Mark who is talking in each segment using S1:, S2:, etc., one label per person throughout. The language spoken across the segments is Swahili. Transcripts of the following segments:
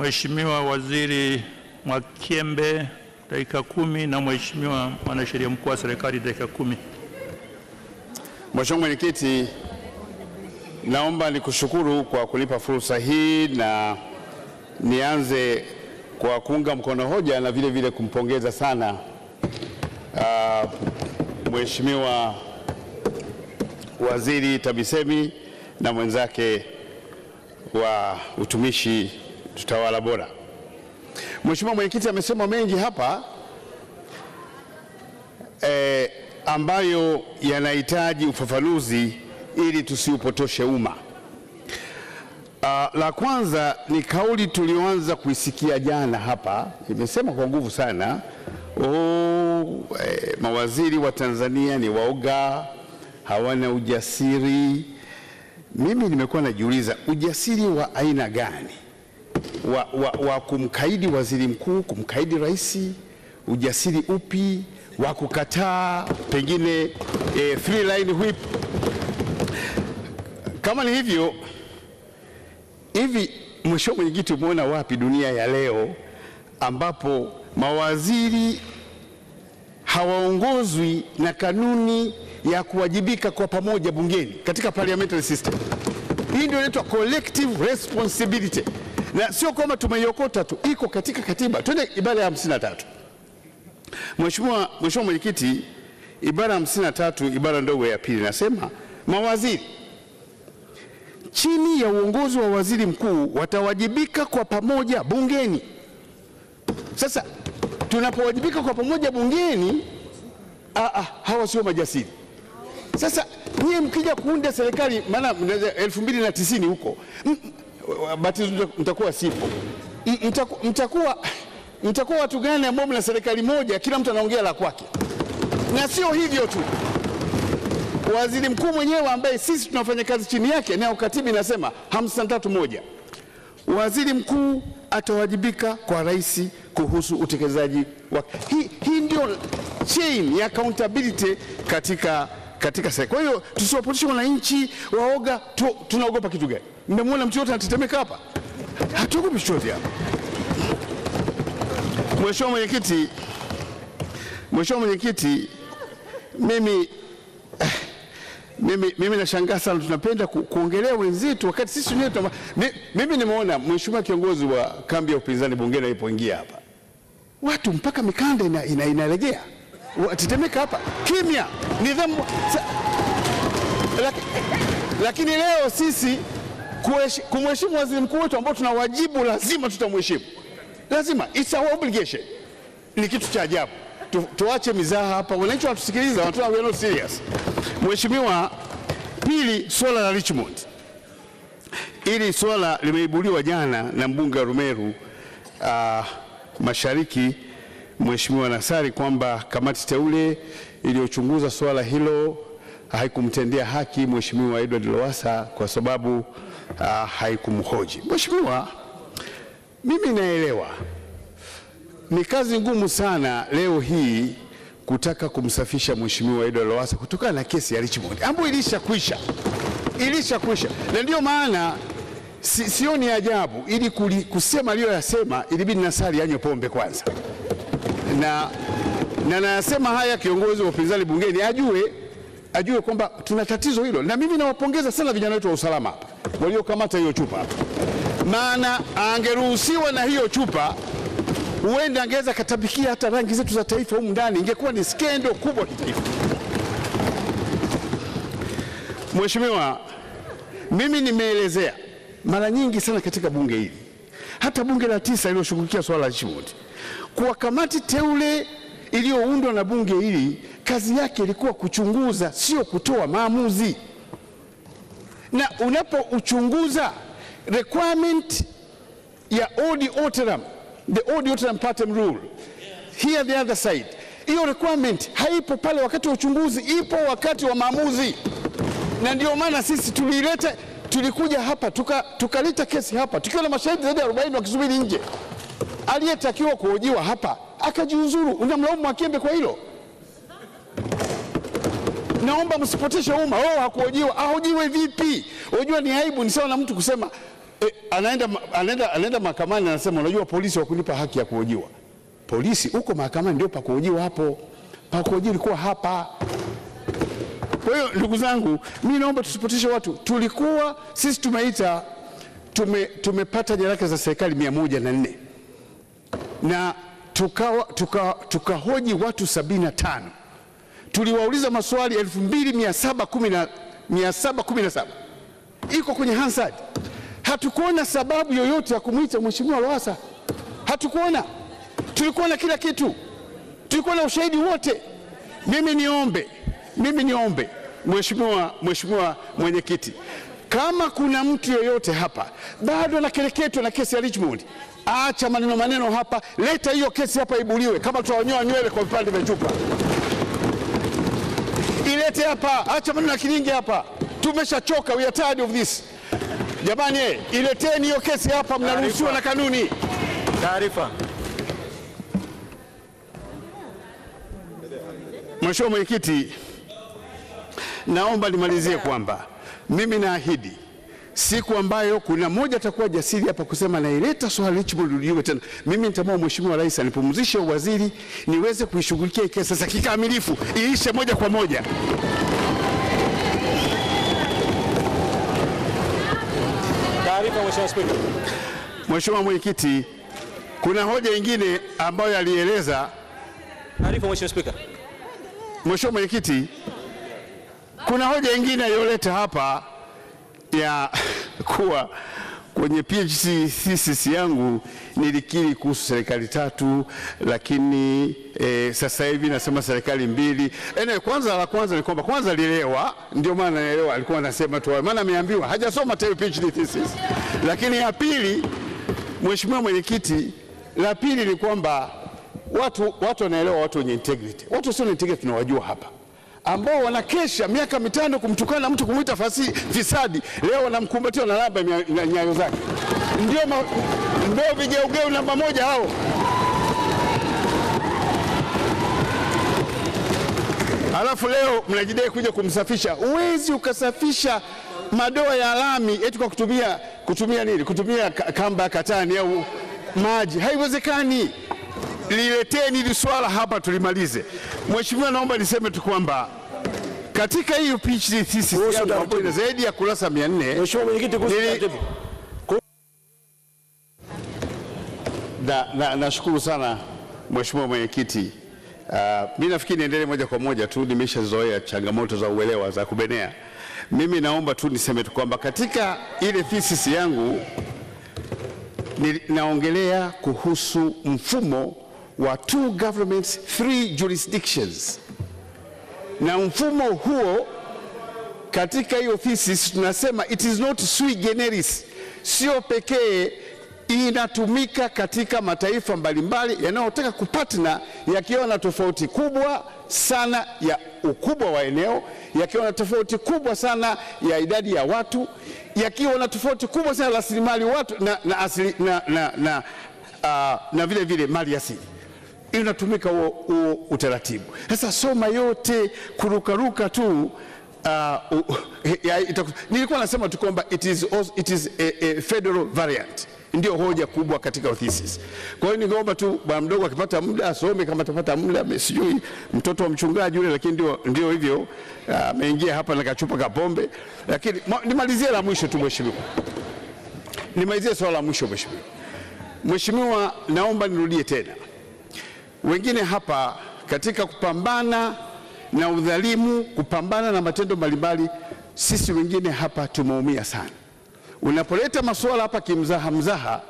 S1: Mheshimiwa Waziri Mwakyembe dakika kumi na Mheshimiwa Mwanasheria Mkuu wa Serikali dakika kumi.
S2: Mheshimiwa Mwenyekiti, naomba nikushukuru kwa kunipa fursa hii na nianze kwa kuunga mkono hoja na vile vile kumpongeza sana uh, Mheshimiwa Waziri TAMISEMI na mwenzake wa utumishi tutawala bora. Mheshimiwa Mwenyekiti amesema mengi hapa e, ambayo yanahitaji ufafanuzi ili tusiupotoshe umma. Uh, la kwanza ni kauli tulioanza kuisikia jana hapa, imesema kwa nguvu sana oh, eh, mawaziri wa Tanzania ni waoga, hawana ujasiri. Mimi nimekuwa najiuliza ujasiri wa aina gani? wa, wa, wa kumkaidi waziri mkuu, kumkaidi rais, ujasiri upi wa kukataa pengine e, eh, three line whip. Kama ni hivyo hivi, mheshimiwa mwenyekiti, umeona wapi dunia ya leo ambapo mawaziri hawaongozwi na kanuni ya kuwajibika kwa pamoja bungeni katika parliamentary system? Hii ndio inaitwa collective responsibility na sio kwamba tumeiokota tu, iko katika katiba. Twende ibara ya hamsini na tatu Mheshimiwa Mwenyekiti, ibara ya hamsini na tatu ibara ndogo ya pili nasema mawaziri chini ya uongozi wa waziri mkuu watawajibika kwa pamoja bungeni. Sasa tunapowajibika kwa pamoja bungeni, ah, hawa sio majasiri. Sasa nyie mkija kuunda serikali, maana elfu mbili na tisini huko batizo mtakuwa sipo, mtakuwa mtakuwa watu gani ambao mna serikali moja, kila mtu anaongea la kwake? Na sio hivyo tu, waziri mkuu mwenyewe ambaye sisi tunafanya kazi chini yake, na ukatibi inasema hamsini na tatu moja, waziri mkuu atawajibika kwa rais kuhusu utekelezaji wa hii. Hii ndio chain ya accountability katika katika sekta. Kwa hiyo tusiwapotishe wananchi waoga tu, tunaogopa kitu gani? Mmemwona mtu anatetemeka hapa? Hatuogopi chochote hapa. Mheshimiwa Mwenyekiti, Mheshimiwa Mwenyekiti, mimi eh, mimi, mimi nashangaa sana, tunapenda ku, kuongelea wenzetu wakati sisi wenyewe mimi nimeona mheshimiwa kiongozi wa kambi ya upinzani bungeni alipoingia hapa, watu mpaka mikanda ina, ina, inalegea tetemeka hapa, kimya, nidhamu. Lakini leo sisi kumheshimu waziri mkuu wetu ambao tuna wajibu, lazima tutamheshimu, lazima, it's our obligation. Ni kitu cha ajabu. Tu, tuache mizaha hapa, wananchi wanatusikiliza, watu we are not serious. Mheshimiwa, pili, swala la Richmond, ili swala limeibuliwa jana na mbunge wa Rumeru uh, Mashariki, Mheshimiwa Nasari, kwamba kamati teule iliyochunguza swala hilo haikumtendea haki Mheshimiwa Edward Lowassa kwa sababu uh, haikumhoji. Mheshimiwa, mimi naelewa ni kazi ngumu sana leo hii kutaka kumsafisha Mheshimiwa Edward Lowassa kutokana na kesi ya Richmond ambayo ilishakwisha, ilishakwisha, na ndiyo maana si, sioni ajabu ili kuli, kusema aliyoyasema ilibidi Nassari anywe pombe kwanza, na na nayasema haya kiongozi wa upinzani bungeni ajue, ajue kwamba tuna tatizo hilo, na mimi nawapongeza sana vijana wetu wa usalama hapa waliokamata hiyo chupa, maana angeruhusiwa na hiyo chupa huenda angeweza katabikia hata rangi zetu za taifa humu ndani, ingekuwa ni skendo kubwa kitaifa Mheshimiwa, mimi nimeelezea mara nyingi sana katika bunge hili, hata bunge la tisa iliyoshughulikia swala la nishimoti, kuwa kamati teule iliyoundwa na bunge hili kazi yake ilikuwa kuchunguza, sio kutoa maamuzi na unapouchunguza requirement ya old oteram, the old oteram partem rule here the other side, hiyo requirement haipo pale wakati wa uchunguzi, ipo wakati wa maamuzi, na ndio maana sisi tulileta tulikuja hapa tukaleta tuka kesi hapa tukiwa na mashahidi zaidi ya 40 wakisubiri nje. Aliyetakiwa kuhojiwa hapa akajiuzuru, unamlaumu Mwakyembe kwa hilo? Naomba msipoteshe umma. Wewe hakuojiwa, ahojiwe vipi? Unajua ni aibu, ni sawa na mtu kusema e, anaenda, anaenda, anaenda mahakamani anasema, unajua polisi wakunipa haki ya kuojiwa. Polisi huko mahakamani, ndio pakuojiwa hapo. Pakuojiwa ilikuwa hapa. Kwa hiyo ndugu zangu, mimi naomba tusipoteshe watu. Tulikuwa sisi tumeita tume, tumepata nyaraka za serikali mia moja na nne na tukahoji tuka, tuka watu sabini na tano tuliwauliza maswali 2717 iko kwenye Hansard. Hatukuona sababu yoyote ya kumwita Mheshimiwa Lowassa, hatukuona. Tulikuwa na kila kitu, tulikuwa na ushahidi wote. Mimi niombe, mimi niombe Mheshimiwa, Mheshimiwa Mwenyekiti, kama kuna mtu yoyote hapa bado anakereketwa na kesi ya Richmond, acha maneno maneno hapa, leta hiyo kesi hapa ibuliwe, kama tutawanyoa nywele kwa vipande vya chupa. Ilete hapa, acha maneno ya kilingi hapa, tumeshachoka, we are tired of this. Jamani, eh, ileteni hiyo kesi hapa, mnaruhusiwa na kanuni. Taarifa. Mheshimiwa Mwenyekiti, naomba nimalizie kwamba mimi naahidi siku ambayo kuna mmoja atakuwa jasiri hapa kusema naileta swala hichi mrudiwe tena. Mimi nitamwomba Mheshimiwa Rais anipumzishe uwaziri niweze kuishughulikia kesi sasa kikamilifu, iishe moja kwa moja.
S3: Taarifa, Mheshimiwa Spika.
S2: Mheshimiwa Mwenyekiti, kuna hoja nyingine ambayo alieleza.
S3: Taarifa, Mheshimiwa Spika.
S2: Mheshimiwa Mwenyekiti, kuna hoja nyingine aliyoleta hapa ya kuwa kwenye PhD thesis yangu nilikiri kuhusu serikali tatu, lakini e, sasa hivi nasema serikali mbili. Ene, eh, kwanza la kwanza ni kwamba kwanza lilewa, ndio maana naelewa alikuwa anasema tu, maana ameambiwa hajasoma tayari PhD thesis. Lakini ya pili, mheshimiwa mwenyekiti, la pili ni kwamba watu watu wanaelewa, watu wenye integrity, watu sio integrity tunawajua hapa ambao wanakesha miaka mitano kumtukana na mtu kumwita fisadi, leo wanamkumbatia na lamba nyayo zake. Ndio ndio vigeugeu namba moja hao. alafu leo mnajidai kuja kumsafisha. Uwezi ukasafisha madoa ya lami eti kwa kutumia kutumia nini? Kutumia kamba katani au maji, haiwezekani lileteni hili swala hapa tulimalize. Mheshimiwa, naomba niseme tu kwamba katika hiyo pitch thesis ina zaidi ya kurasa 400 Mheshimiwa Mwenyekiti, nashukuru na, sana Mheshimiwa Mwenyekiti. Uh, mi nafikiri niendelee moja kwa moja tu, nimeshazoea changamoto za uelewa za kubenea. Mimi naomba tu niseme tu kwamba katika ile thesis yangu ni, naongelea kuhusu mfumo were two governments three jurisdictions, na mfumo huo katika hiyo thesis tunasema it is not sui generis, sio pekee, inatumika katika mataifa mbalimbali yanayotaka kupatna, yakiwa na tofauti kubwa sana ya ukubwa wa eneo, yakiwa na tofauti kubwa sana ya idadi ya watu, yakiwa na tofauti kubwa sana rasilimali watu na, na, asili, na, na, na, uh, na vile vile mali asili inatumika huo utaratibu. Sasa soma yote, kurukaruka tu uh, uh, ya, nilikuwa nasema tu kwamba it is, also, it is a, a federal variant ndio hoja kubwa katika thesis. Kwa hiyo ningeomba tu bwana mdogo akipata muda asome, kama atapata muda, sijui mtoto wa mchungaji yule, lakini ndio, ndio hivyo ah, ameingia uh, hapa na kachupa kapombe, lakini nimalizie la mwisho tu mheshimiwa, nimalizie swala la mwisho mheshimiwa. Mheshimiwa, naomba nirudie tena wengine hapa katika kupambana na udhalimu, kupambana na matendo mbalimbali, sisi wengine hapa tumeumia sana. Unapoleta masuala hapa kimzaha mzaha,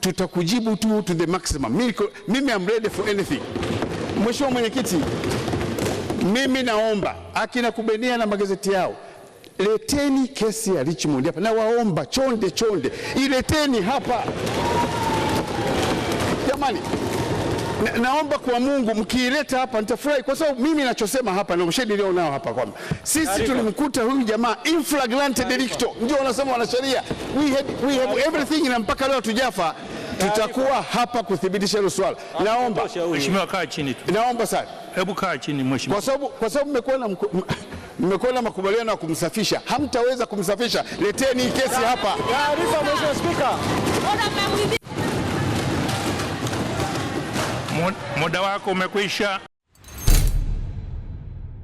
S2: tutakujibu tu to the maximum. Mimi, mimi am ready for anything. Mheshimiwa Mwenyekiti, mimi naomba akina Kubenia na magazeti yao leteni kesi ya Richmond hapa, na waomba chonde chonde, ileteni hapa jamani. Na, naomba kwa Mungu mkiileta hapa nitafurahi, kwa sababu mimi ninachosema hapa na ushahidi leo nao hapa kwamba sisi tulimkuta huyu jamaa in flagrante delicto, ndio wanasema wanasheria, we had, we have everything, na mpaka leo tujafa tutakuwa hapa kuthibitisha hilo swala. Naomba
S3: mheshimiwa, kaa chini tu, naomba sana, hebu kaa chini mheshimiwa,
S2: kwa sababu kwa sababu mmekuwa na mmekuwa na makubaliano ya kumsafisha, hamtaweza kumsafisha. Leteni kesi hapa.
S3: Taarifa, mheshimiwa Spika
S4: muda wako umekwisha.